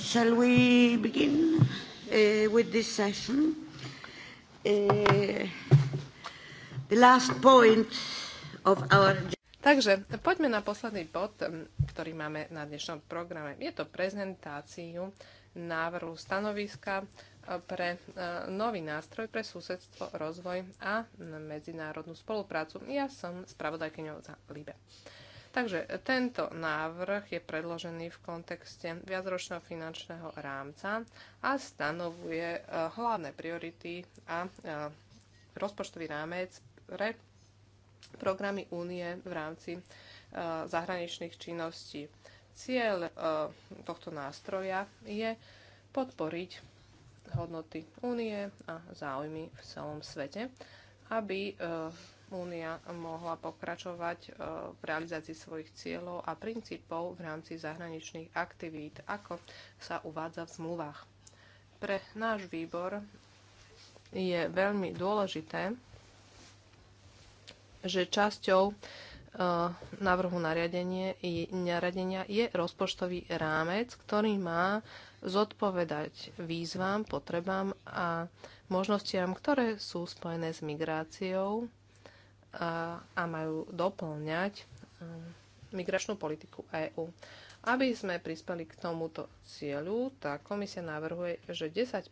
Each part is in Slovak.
Shall we begin uh, with this session? Uh, the last point of our... Takže poďme na posledný bod, um, ktorý máme na dnešnom programe. Je to prezentáciu návrhu stanoviska uh, pre uh, nový nástroj pre susedstvo, rozvoj a medzinárodnú spoluprácu. Ja som spravodajkyňou za LIBE. Takže tento návrh je predložený v kontexte viacročného finančného rámca a stanovuje e, hlavné priority a e, rozpočtový rámec pre programy únie v rámci e, zahraničných činností. Cieľ tohto nástroja je podporiť hodnoty únie a záujmy v celom svete, aby Únia mohla pokračovať e, v realizácii svojich cieľov a princípov v rámci zahraničných aktivít, ako sa uvádza v zmluvách. Pre náš výbor je veľmi dôležité, že časťou e, návrhu nariadenia je rozpočtový rámec, ktorý má zodpovedať výzvam, potrebám a možnostiam, ktoré sú spojené s migráciou, a majú doplňať migračnú politiku EÚ. Aby sme prispeli k tomuto cieľu, tá komisia navrhuje, že 10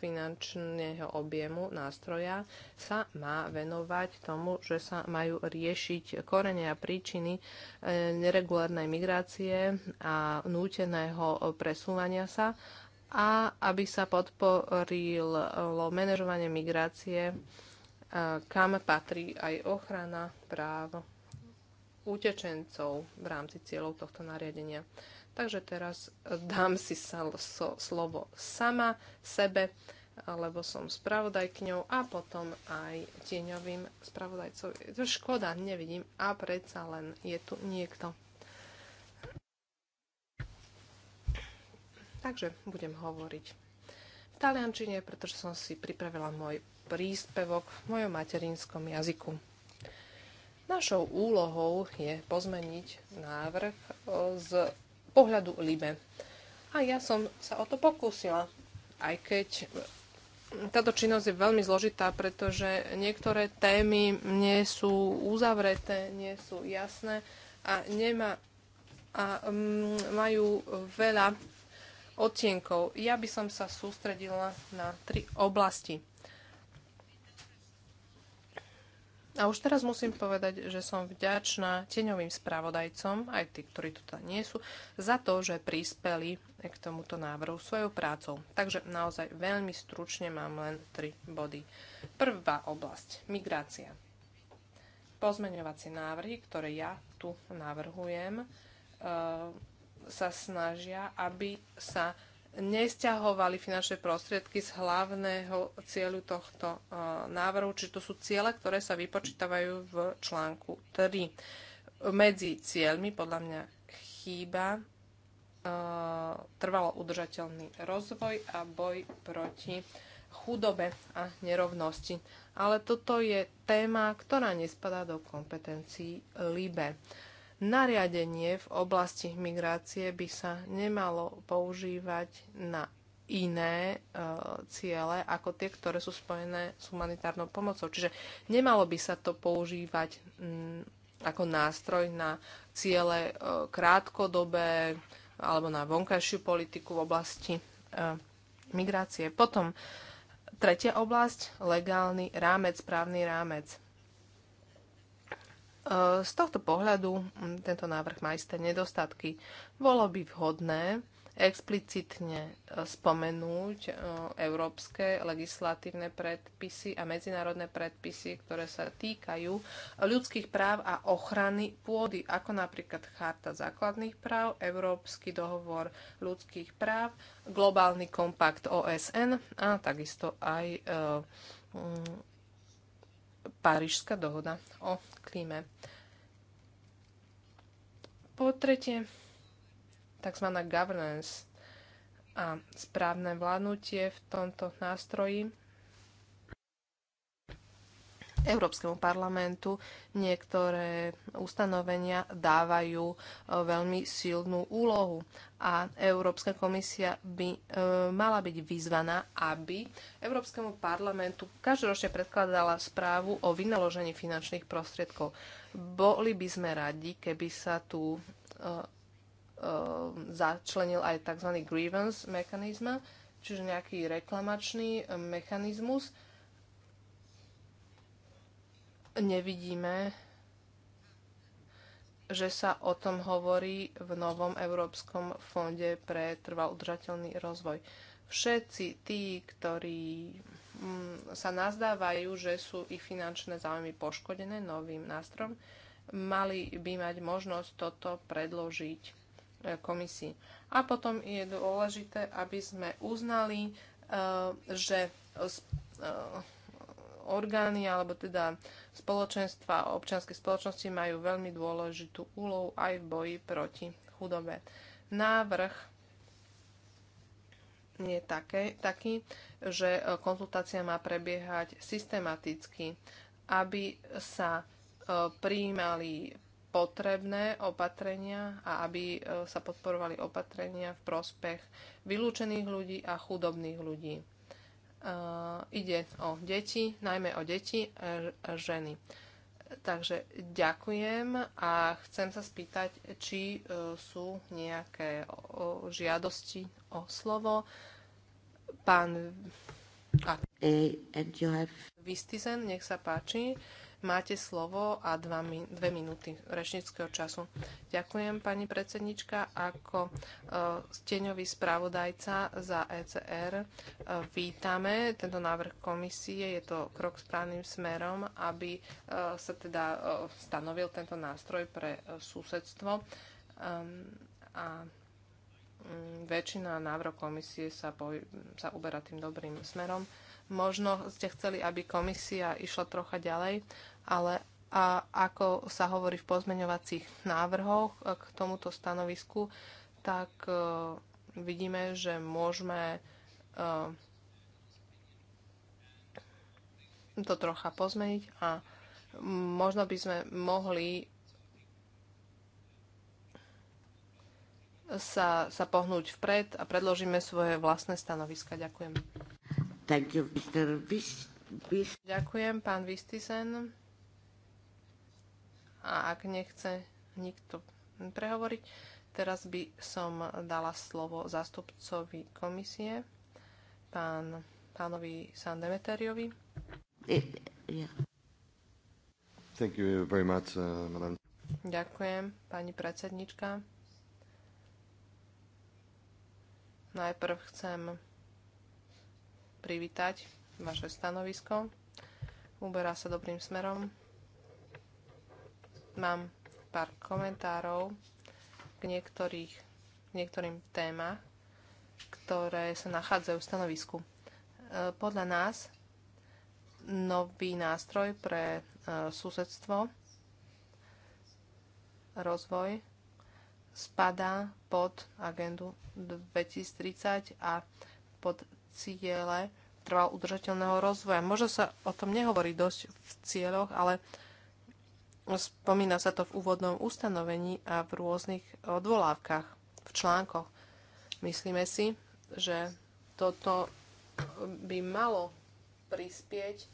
finančného objemu nástroja sa má venovať tomu, že sa majú riešiť korene a príčiny e, neregulárnej migrácie a núteného presúvania sa a aby sa podporilo manažovanie migrácie kam patrí aj ochrana práv utečencov v rámci cieľov tohto nariadenia. Takže teraz dám si slovo sama sebe, lebo som spravodajkňou a potom aj tieňovým spravodajcov. škoda, nevidím a predsa len je tu niekto. Takže budem hovoriť v taliančine, pretože som si pripravila môj príspevok v mojom materinskom jazyku. Našou úlohou je pozmeniť návrh e, z pohľadu Libe. A ja som sa o to pokúsila, aj keď táto činnosť je veľmi zložitá, pretože niektoré témy nie sú uzavreté, nie sú jasné a, nemá, a mm, majú veľa odtienkov. Ja by som sa sústredila na tri oblasti. A už teraz musím povedať, že som vďačná tieňovým spravodajcom, aj tí, ktorí tu teda nie sú, za to, že prispeli k tomuto návrhu svojou prácou. Takže naozaj veľmi stručne mám len tri body. Prvá oblasť, migrácia. Pozmeňovacie návrhy, ktoré ja tu navrhujem, eh, sa snažia, aby sa nesťahovali finančné prostriedky z hlavného cieľu tohto eh, návrhu, či to sú ciele, ktoré sa vypočítavajú v článku 3. Medzi cieľmi podľa mňa chýba eh, trvalo udržateľný rozvoj a boj proti chudobe a nerovnosti. Ale toto je téma, ktorá nespadá do kompetencií LIBE nariadenie v oblasti migrácie by sa nemalo používať na iné e, ciele ako tie, ktoré sú spojené s humanitárnou pomocou. Čiže nemalo by sa to používať m, mm, ako nástroj na ciele e, krátkodobé alebo na vonkajšiu politiku v oblasti e, migrácie. Potom tretia oblasť, legálny rámec, právny rámec. Eh, z tohto pohľadu mm, tento návrh má isté nedostatky. Bolo by vhodné explicitne eh, spomenúť eh, európske legislatívne predpisy a medzinárodné predpisy, ktoré sa týkajú ľudských práv a ochrany pôdy, ako napríklad Charta základných práv, Európsky dohovor ľudských práv, Globálny kompakt OSN a takisto aj mm, Parížská dohoda o klíme. Po tretie, tzv. governance a správne vládnutie v tomto nástroji Európskemu parlamentu niektoré ustanovenia dávajú e, veľmi silnú úlohu a Európska komisia by e, mala byť vyzvaná, aby Európskemu parlamentu každoročne predkladala správu o vynaložení finančných prostriedkov. Boli by sme radi, keby sa tu e, začlenil aj tzv. grievance mechanizma, čiže nejaký reklamačný mechanizmus, nevidíme, že sa o tom hovorí v novom Európskom fonde pre trval udržateľný rozvoj. Všetci tí, ktorí mm, sa nazdávajú, že sú ich finančné záujmy poškodené novým nástrom, mali by mať možnosť toto predložiť e, komisii. A potom je dôležité, aby sme uznali, e, že e, orgány alebo teda spoločenstva, občianske spoločnosti majú veľmi dôležitú úlohu aj v boji proti chudobe. Návrh je také, taký, že e, konzultácia má prebiehať systematicky, aby sa e, prijímali potrebné opatrenia a aby e, sa podporovali opatrenia v prospech vylúčených ľudí a chudobných ľudí. Eh, ide o deti, najmä o deti ženy. Takže ďakujem a chcem sa spýtať, či eh, sú nejaké žiadosti o slovo. Pán Vistizen, nech sa páči. Máte slovo a dva, dve minúty rečníckého času. Ďakujem, pani predsednička. Ako e, steňový spravodajca za ECR e, vítame tento návrh komisie. Je to krok správnym smerom, aby e, sa teda stanovil tento nástroj pre susedstvo. Ehm, a Mm, väčšina návrh komisie sa, po, sa uberá tým dobrým smerom. Možno ste chceli, aby komisia išla trocha ďalej, ale a ako sa hovorí v pozmeňovacích návrhoch e, k tomuto stanovisku, tak uh, vidíme, že môžeme uh, to trocha pozmeniť a možno by sme mohli sa, sa pohnúť vpred a predložíme svoje vlastné stanoviska. Ďakujem. Thank you, Mr. Ďakujem, pán Vistisen. A ak nechce nikto prehovoriť, teraz by som dala slovo zástupcovi komisie, pán, pánovi Sandemeteriovi. Yeah. Thank you very much, uh, Ďakujem, pani predsednička. Najprv chcem privítať vaše stanovisko. Uberá sa dobrým smerom. Mám pár komentárov k, niektorých, k niektorým témach, ktoré sa nachádzajú v stanovisku. E, podľa nás nový nástroj pre e, susedstvo, rozvoj spadá pod agendu 2030 a pod ciele trval udržateľného rozvoja. Možno sa o tom nehovorí dosť v cieľoch, ale spomína sa to v úvodnom ustanovení a v rôznych odvolávkach, v článkoch. Myslíme si, že toto by malo prispieť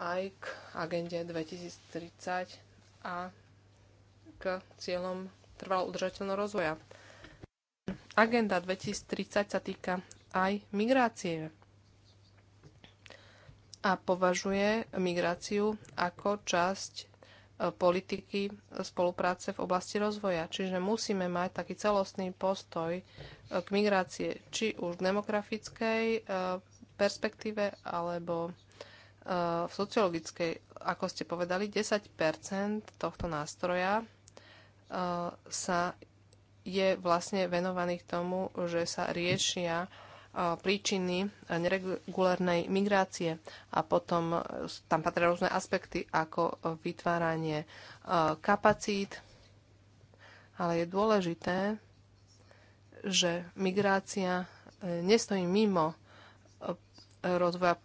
aj k agende 2030 a k cieľom trvalo udržateľného rozvoja. Agenda 2030 sa týka aj migrácie a považuje migráciu ako časť e, politiky spolupráce v oblasti rozvoja. Čiže musíme mať taký celostný postoj e, k migrácie, či už v demografickej e, perspektíve, alebo v sociologickej, ako ste povedali, 10 tohto nástroja E, sa je vlastne k tomu, že sa riešia e, príčiny neregulárnej migrácie a potom e, tam patria rôzne aspekty ako vytváranie kapacít, ale je dôležité, že migrácia nestojí mimo rozvoja,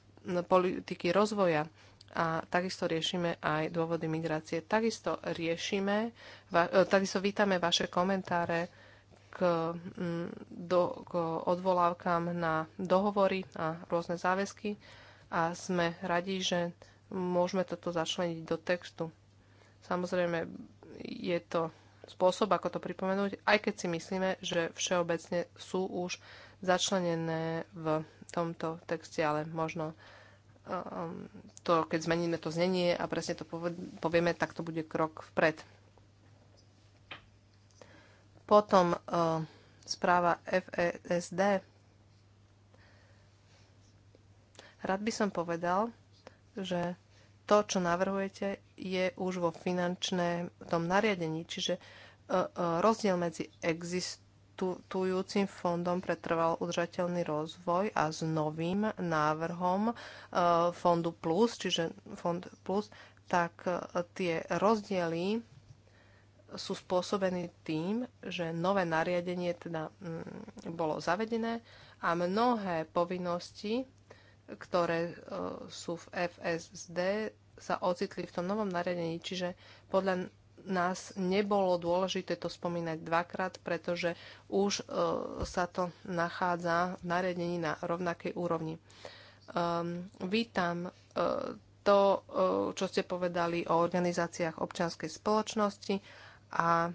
politiky rozvoja a takisto riešime aj dôvody migrácie. Takisto riešime, e, takisto vítame vaše komentáre k, mm, do, k odvolávkam na dohovory a rôzne záväzky a sme radi, že môžeme toto začleniť do textu. Samozrejme, je to spôsob, ako to pripomenúť, aj keď si myslíme, že všeobecne sú už začlenené v tomto texte, ale možno to, keď zmeníme to znenie a presne to povieme, tak to bude krok vpred. Potom uh, správa FESD. Rád by som povedal, že to, čo navrhujete, je už vo finančnom nariadení, čiže uh, uh, rozdiel medzi exist existujúcim fondom pre udržateľný rozvoj a s novým návrhom e, fondu Plus, čiže fond Plus, tak e, tie rozdiely sú spôsobení tým, že nové nariadenie teda mm, bolo zavedené a mnohé povinnosti, ktoré e, sú v FSD, sa ocitli v tom novom nariadení. Čiže podľa nás nebolo dôležité to spomínať dvakrát, pretože už e, sa to nachádza v nariadení na rovnakej úrovni. Ehm, vítam e, to, e, čo ste povedali o organizáciách občianskej spoločnosti a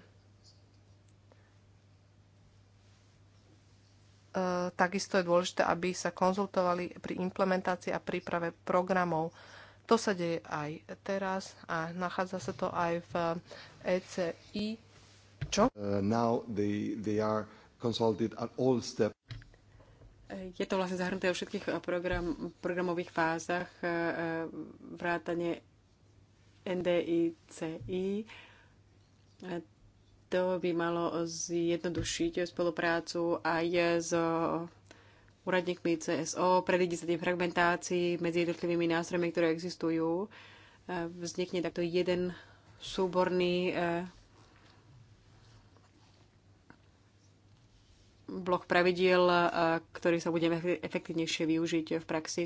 takisto je dôležité, aby sa konzultovali pri implementácii a príprave programov to sa deje aj teraz a nachádza sa to aj v ECI. Eh, e Čo? Uh, now they, they are consulted at all eh, Je to vlastne zahrnuté o všetkých program, programových fázach vrátane NDICI. To by malo zjednodušiť spoluprácu aj s so úradníkmi CSO, predíde sa tým fragmentácii medzi jednotlivými nástrojmi, ktoré existujú. E, vznikne takto jeden súborný e, blok pravidiel, e, ktorý sa budeme efektívnejšie využiť v praxi.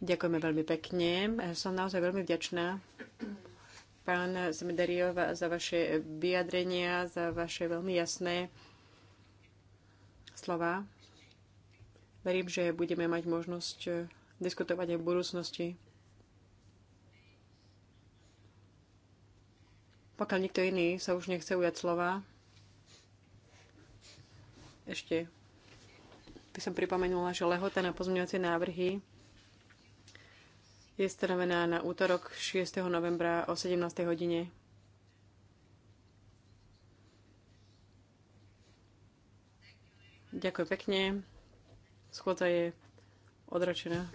Ďakujeme veľmi pekne. Som naozaj veľmi vďačná pán Zmedariov za vaše vyjadrenia, za vaše veľmi jasné slova. Verím, že budeme mať možnosť e, diskutovať aj v budúcnosti. Pokiaľ nikto iný sa už nechce ujať slova, ešte by som pripomenula, že lehota na pozmeňovacie návrhy je stanovená na útorok 6. novembra o 17. hodine. Ďakujem pekne. Schôdza je odračená.